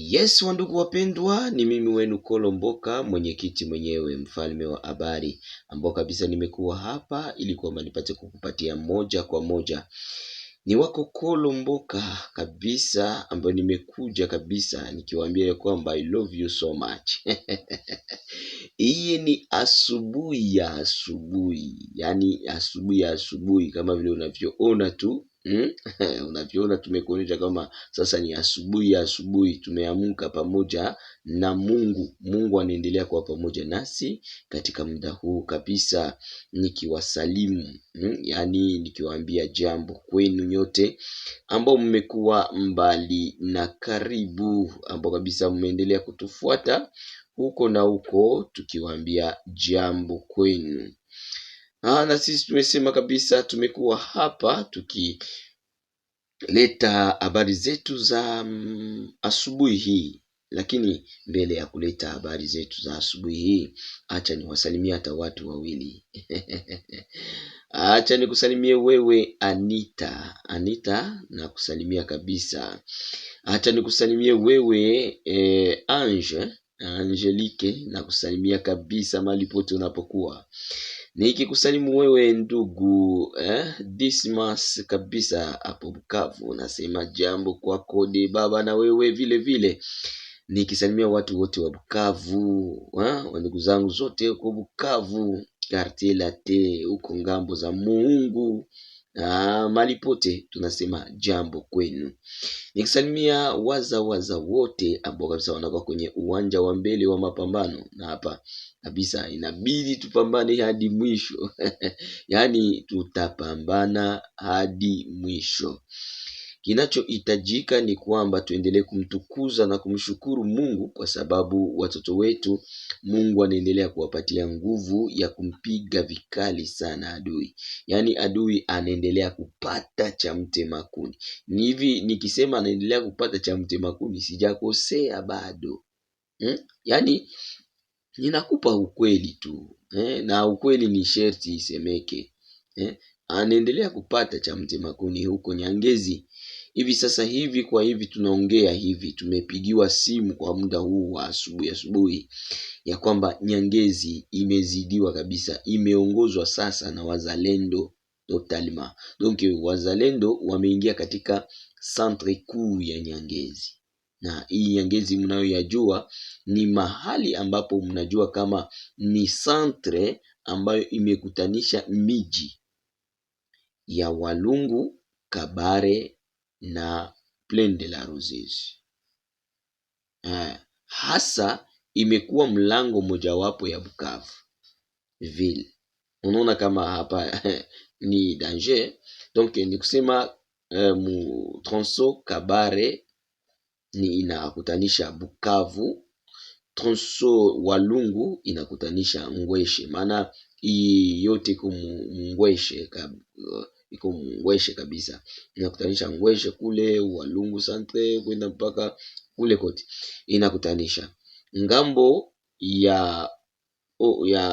Yes, wandugu wapendwa, ni mimi wenu Kolo Mboka, mwenyekiti mwenyewe, mfalme wa habari, ambao kabisa nimekuwa hapa ili kwamba nipate kukupatia moja kwa moja. Ni wako Kolo Mboka kabisa, ambayo nimekuja kabisa nikiwaambia ya kwamba I love you so much hii ni asubuhi ya asubuhi, yaani asubuhi ya asubuhi kama vile unavyoona tu hmm? Unavyoona tumekuonyesha kama sasa ni asubuhi ya asubuhi, tumeamka pamoja na Mungu. Mungu anaendelea kuwa pamoja nasi katika muda huu kabisa, nikiwasalimu hmm? Yaani nikiwaambia jambo kwenu nyote ambao mmekuwa mbali na karibu, ambao kabisa mmeendelea kutufuata huko na huko, tukiwaambia jambo kwenu. Aa, ah, na sisi tumesema kabisa, tumekuwa hapa tukileta habari zetu za mm, asubuhi hii, lakini mbele ya kuleta habari zetu za asubuhi hii, acha niwasalimie hata watu wawili acha nikusalimie wewe Anita, Anita kusalimia kabisa. Acha nikusalimie wewe eh, Ange Angelique na kusalimia kabisa mali pote unapokuwa. Nikikusalimu wewe ndugu eh, Dismas kabisa hapo Bukavu, nasema jambo kwako de baba, na wewe vile vile nikisalimia watu wote wa Bukavu eh, wa ndugu zangu zote huko Bukavu, quartier latte huko ngambo za Muungu Ah, mali pote tunasema jambo kwenu, nikisalimia waza waza wote ambao kabisa wanakuwa kwenye uwanja wa mbele wa mapambano, na hapa kabisa inabidi tupambane hadi mwisho yaani tutapambana hadi mwisho. Kinachohitajika ni kwamba tuendelee kumtukuza na kumshukuru Mungu kwa sababu watoto wetu, Mungu anaendelea kuwapatia nguvu ya kumpiga vikali sana adui. Yaani adui anaendelea kupata cha mtema Ni hivi nikisema anaendelea kupata cha mtema sijakosea bado hmm? Yaani ninakupa ukweli tu eh? Na ukweli ni sherti isemeke eh? Anaendelea kupata cha mtema huko Nyangezi hivi sasa hivi kwa hivi tunaongea hivi, tumepigiwa simu kwa muda huu wa asubuhi asubuhi ya kwamba Nyangezi imezidiwa kabisa, imeongozwa sasa na wazalendo totalement. Donc wazalendo wameingia katika centre kuu ya Nyangezi na hii Nyangezi mnayoyajua ni mahali ambapo mnajua kama ni centre ambayo imekutanisha miji ya Walungu, Kabare na Plaine de la Roses. Eh, hasa imekuwa mlango mojawapo ya Bukavu ville. Unaona kama hapa ni danger, donc ni kusema eh, mu tronso Kabare ni inakutanisha Bukavu, tronso Walungu inakutanisha Ngweshe, maana hii yote ku Ngweshe iko Ngweshe kabisa, inakutanisha Ngweshe kule Walungu Santre kwenda mpaka kule kote inakutanisha ngambo ya oh, ya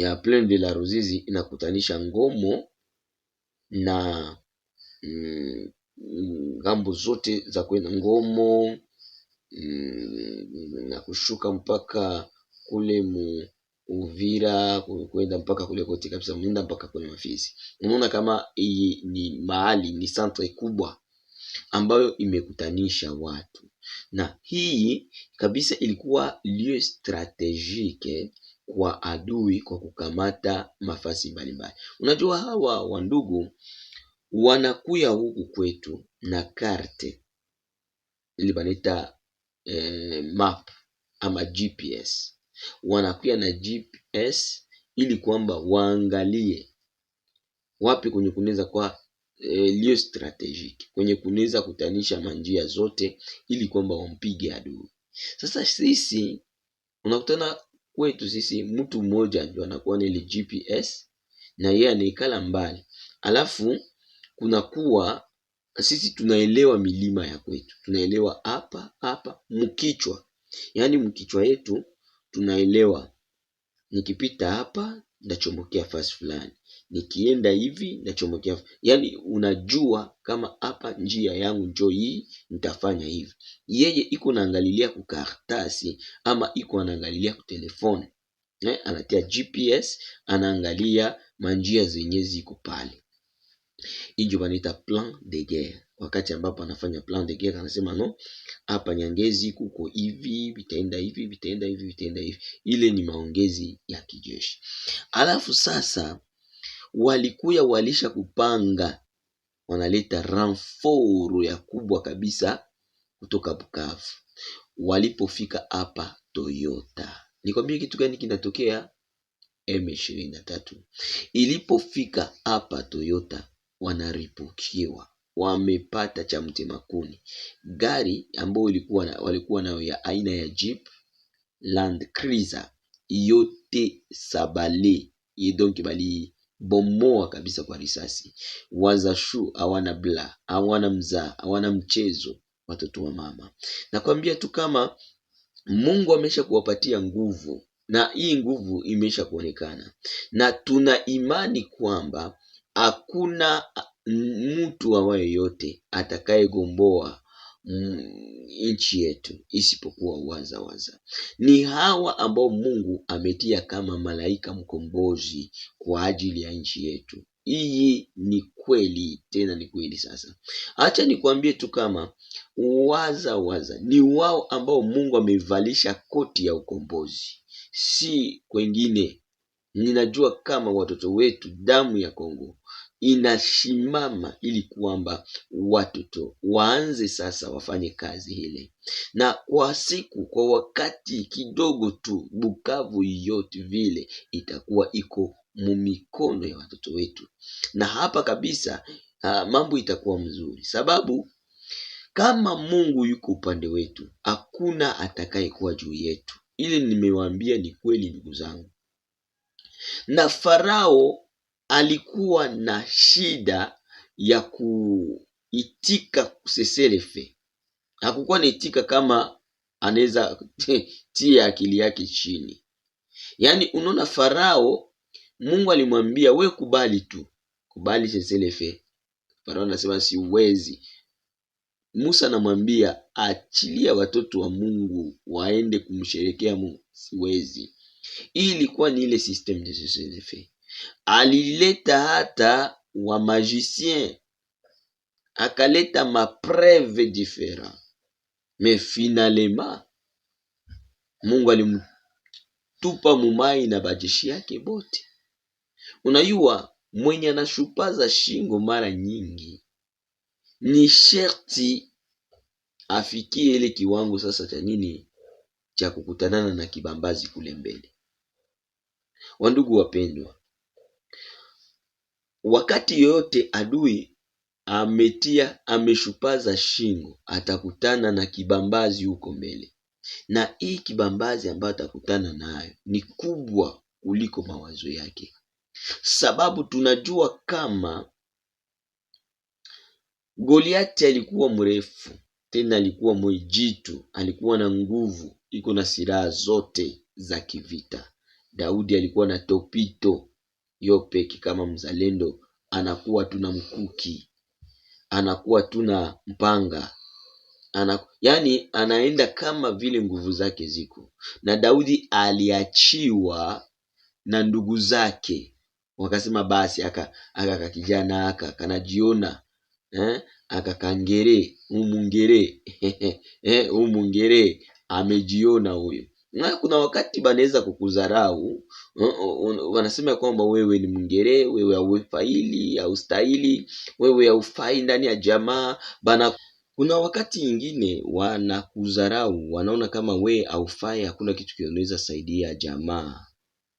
ya Plaine de la Ruzizi inakutanisha Ngomo na mm, ngambo zote za kwenda Ngomo mm, na kushuka mpaka kule mu Uvira kwenda mpaka kule kote kabisa, mnaenda mpaka kwenye Mafizi. Unaona kama hii ni mahali ni santre kubwa ambayo imekutanisha watu, na hii kabisa ilikuwa lieu strategique kwa adui kwa kukamata mafasi mbalimbali. Unajua hawa wandugu wanakuya huku kwetu na karte ili baneta eh, map ama GPS wanakuja na GPS ili kwamba waangalie wapi kwenye kunaweza kwa e, eh, lieu strategique kwenye kunaweza kutanisha manjia zote ili kwamba wampige adui. Sasa sisi unakutana kwetu sisi, mtu mmoja ndio anakuwa na ile GPS na yeye anaikala mbali, alafu kunakuwa sisi tunaelewa milima ya kwetu, tunaelewa hapa hapa mkichwa, yaani mkichwa yetu tunaelewa nikipita hapa nachomokea fasi fulani, nikienda hivi nachomokea yani unajua kama hapa njia yangu njo hii, nitafanya hivi. Yeye iko naangalilia kukartasi ama iko anaangalilia kutelefoni eh, anatia GPS, anaangalia manjia zenye ziko pale. Hii wanaita plan de guerre. Wakati ambapo anafanya plan de guerre, anasema no, hapa Nyangezi kuko hivi, vitaenda hivi, vitaenda hivi, vitaenda hivi. Ile ni maongezi ya kijeshi. Alafu sasa walikuya walisha kupanga, wanaleta ranforo ya kubwa kabisa kutoka Bukavu. Walipofika hapa Toyota, nikwambie kitu gani kinatokea? M23 ilipofika hapa Toyota wanaripukiwa, wamepata cha mtema Gari ambayo walikuwa nayo ya aina ya Jeep Land Cruiser yote sabale donc bomoa kabisa kwa risasi. Wazashu hawana bla, hawana mzaa, hawana mchezo watoto wa mama. Nakwambia tu kama Mungu amesha kuwapatia nguvu na hii nguvu imesha kuonekana, na tuna imani kwamba hakuna mtu awaye yote atakayegomboa nchi yetu isipokuwa waza waza ni hawa ambao Mungu ametia kama malaika mkombozi kwa ajili ya nchi yetu. Hii ni kweli, tena ni kweli. Sasa acha nikwambie tu kama waza waza ni wao ambao Mungu amevalisha koti ya ukombozi, si kwengine. Ninajua kama watoto wetu, damu ya Kongo inasimama ili kwamba watoto waanze sasa wafanye kazi ile, na kwa siku, kwa wakati kidogo tu, Bukavu yote vile itakuwa iko mumikono ya watoto wetu, na hapa kabisa uh, mambo itakuwa mzuri sababu kama Mungu yuko upande wetu, hakuna atakayekuwa juu yetu. Ili nimewaambia ni kweli, ndugu zangu. Na Farao alikuwa na shida ya kuitika Seselefe, hakukuwa naitika kama anaweza tia akili yake chini. Yaani unaona, Farao Mungu alimwambia we, kubali tu, kubali Seselefe. Farao anasema siwezi. Musa anamwambia achilia watoto wa Mungu waende kumsherekea Mungu, siwezi. Hii ilikuwa ni ile system ya Seselefe alileta hata wa magicien akaleta mapreve diferent me finalema mungu alimtupa mumai na bajeshi yake bote unayua mwenye anashupaza shingo mara nyingi ni sherti afikie ile kiwango sasa cha nini cha kukutanana na kibambazi kule mbele wandugu wapendwa Wakati yoyote adui ametia ameshupaza shingo, atakutana na kibambazi huko mbele, na hii kibambazi ambayo atakutana nayo ni kubwa kuliko mawazo yake, sababu tunajua kama Goliati alikuwa mrefu tena alikuwa mwejitu, alikuwa na nguvu, iko na silaha zote za kivita. Daudi alikuwa na topito Yopeki kama mzalendo anakuwa tu na mkuki, anakuwa tu na mpanga ana, yani anaenda kama vile nguvu zake ziko. Na Daudi aliachiwa na ndugu zake, wakasema basi aka aka kijana aka kanajiona eh, aka kangere umungere eh, umungere amejiona huyo na kuna wakati banaweza kukudharau, uh, uh, wanasema kwamba wewe ni mngere, wewe haufaili, haustahili, wewe haufai ndani ya jamaa bana. Kuna wakati ingine wanakudharau, wanaona kama we haufai, hakuna kitu kinaweza saidia jamaa.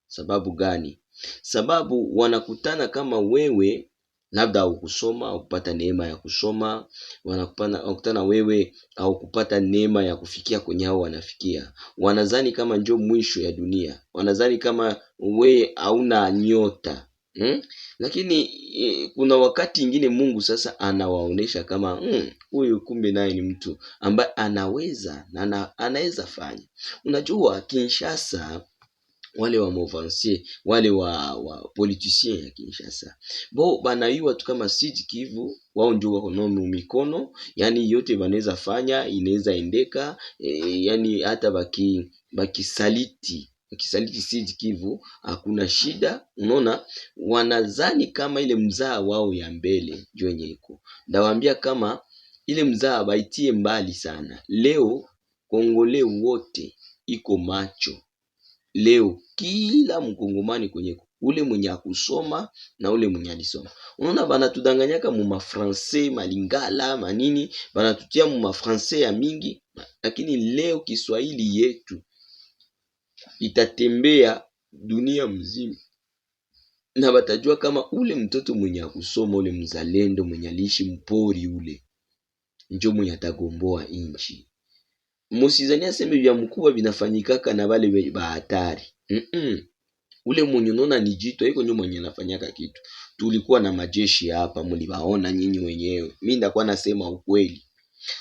Sababu gani? Sababu wanakutana kama wewe labda haukusoma au kupata neema ya kusoma, wanakutana wewe au kupata neema ya kufikia kwenye hao wanafikia. wanazani kama njo mwisho ya dunia, wanazani kama we hauna nyota hmm? Lakini e, kuna wakati ingine Mungu sasa anawaonesha kama hmm, huyu hmm, kumbe naye ni mtu ambaye anaweza na anaweza fanya. Unajua Kinshasa wale wa movansier wale wa, wa politicien ya Kinshasa bo banaiwa tu kama siti kivu wao ndio wako nomi mikono, yani yote banaweza fanya inaweza endeka e, yani hata baki bakisaliti kisaliti Sud Kivu hakuna shida. Unaona, wanazani kama ile mzaa wao ya mbele ndio yenye iko ndawaambia, kama ile mzaa baitie mbali sana. Leo kongole wote iko macho leo kila mkongomani kwenye ule mwenye akusoma na ule mwenye alisoma. Unaona banatudanganyaka mu mafrancais malingala manini, banatutia mu mafrancais ya mingi, lakini leo Kiswahili yetu itatembea dunia mzima na batajua kama ule mtoto mwenye akusoma ule mzalendo mwenye aliishi mpori ule njo mwenye atagomboa inchi musizani aseme vya mkubwa vinafanyikaka na vale wenye bahatari mm -mm. ule mwenye unaona ni jito iko nyo mwenye anafanyaka kitu. Tulikuwa na majeshi hapa, mliwaona nyinyi wenyewe, mi ndakuwa nasema ukweli.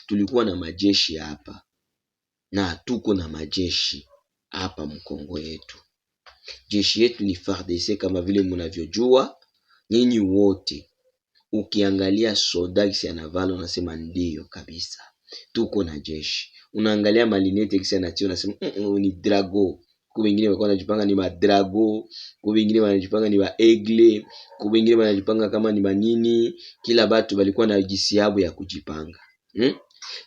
Tulikuwa na majeshi hapa na tuko na majeshi hapa mkongo yetu. Jeshi yetu ni FARDC kama vile munavyojua nyinyi wote. Ukiangalia soda kisi anavala, unasema ndiyo kabisa tuko na jeshi. Unaangalia Malinete kisa na tio unasema mm, -mm, ni Drago. Ku wengine walikuwa wanajipanga ni Madrago, ku wengine wanajipanga ni waegle, ku wengine wanajipanga kama ni manini. Kila batu walikuwa na jisiabu ya kujipanga hmm?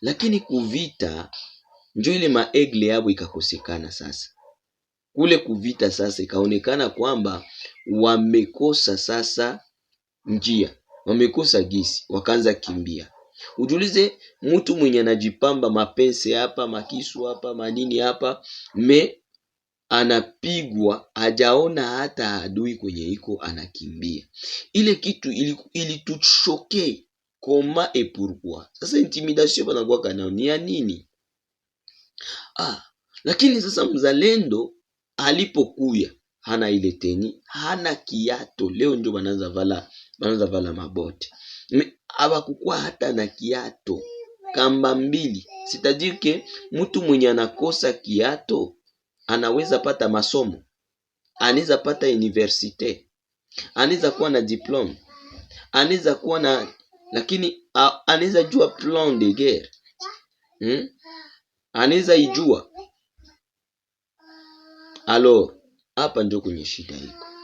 Lakini kuvita njo ile maegle yabo ikakosekana sasa kule kuvita sasa ikaonekana kwamba wamekosa sasa njia, wamekosa gisi, wakaanza kimbia. Ujulize mtu mwenye anajipamba mapense hapa makisu hapa manini hapa me anapigwa, hajaona hata adui kwenye iko, anakimbia. Ile kitu ilituchoke ili koma et pourquoi. Sasa intimidation banakuwaka nao ni ya nini? Ah, lakini sasa mzalendo alipokuya hana ile teni hana kiato, leo ndio banaanza vala, banaanza vala mabote abakukuwa hata na kiato. Kamba mbili sitajike, mtu mwenye anakosa kiato anaweza pata masomo, anaweza pata universite, anaweza kuwa na diplome, anaweza kuwa na lakini anaweza jua plan de guerre hmm? anaweza ijua. alo. hapa ndio kwenye shida iko.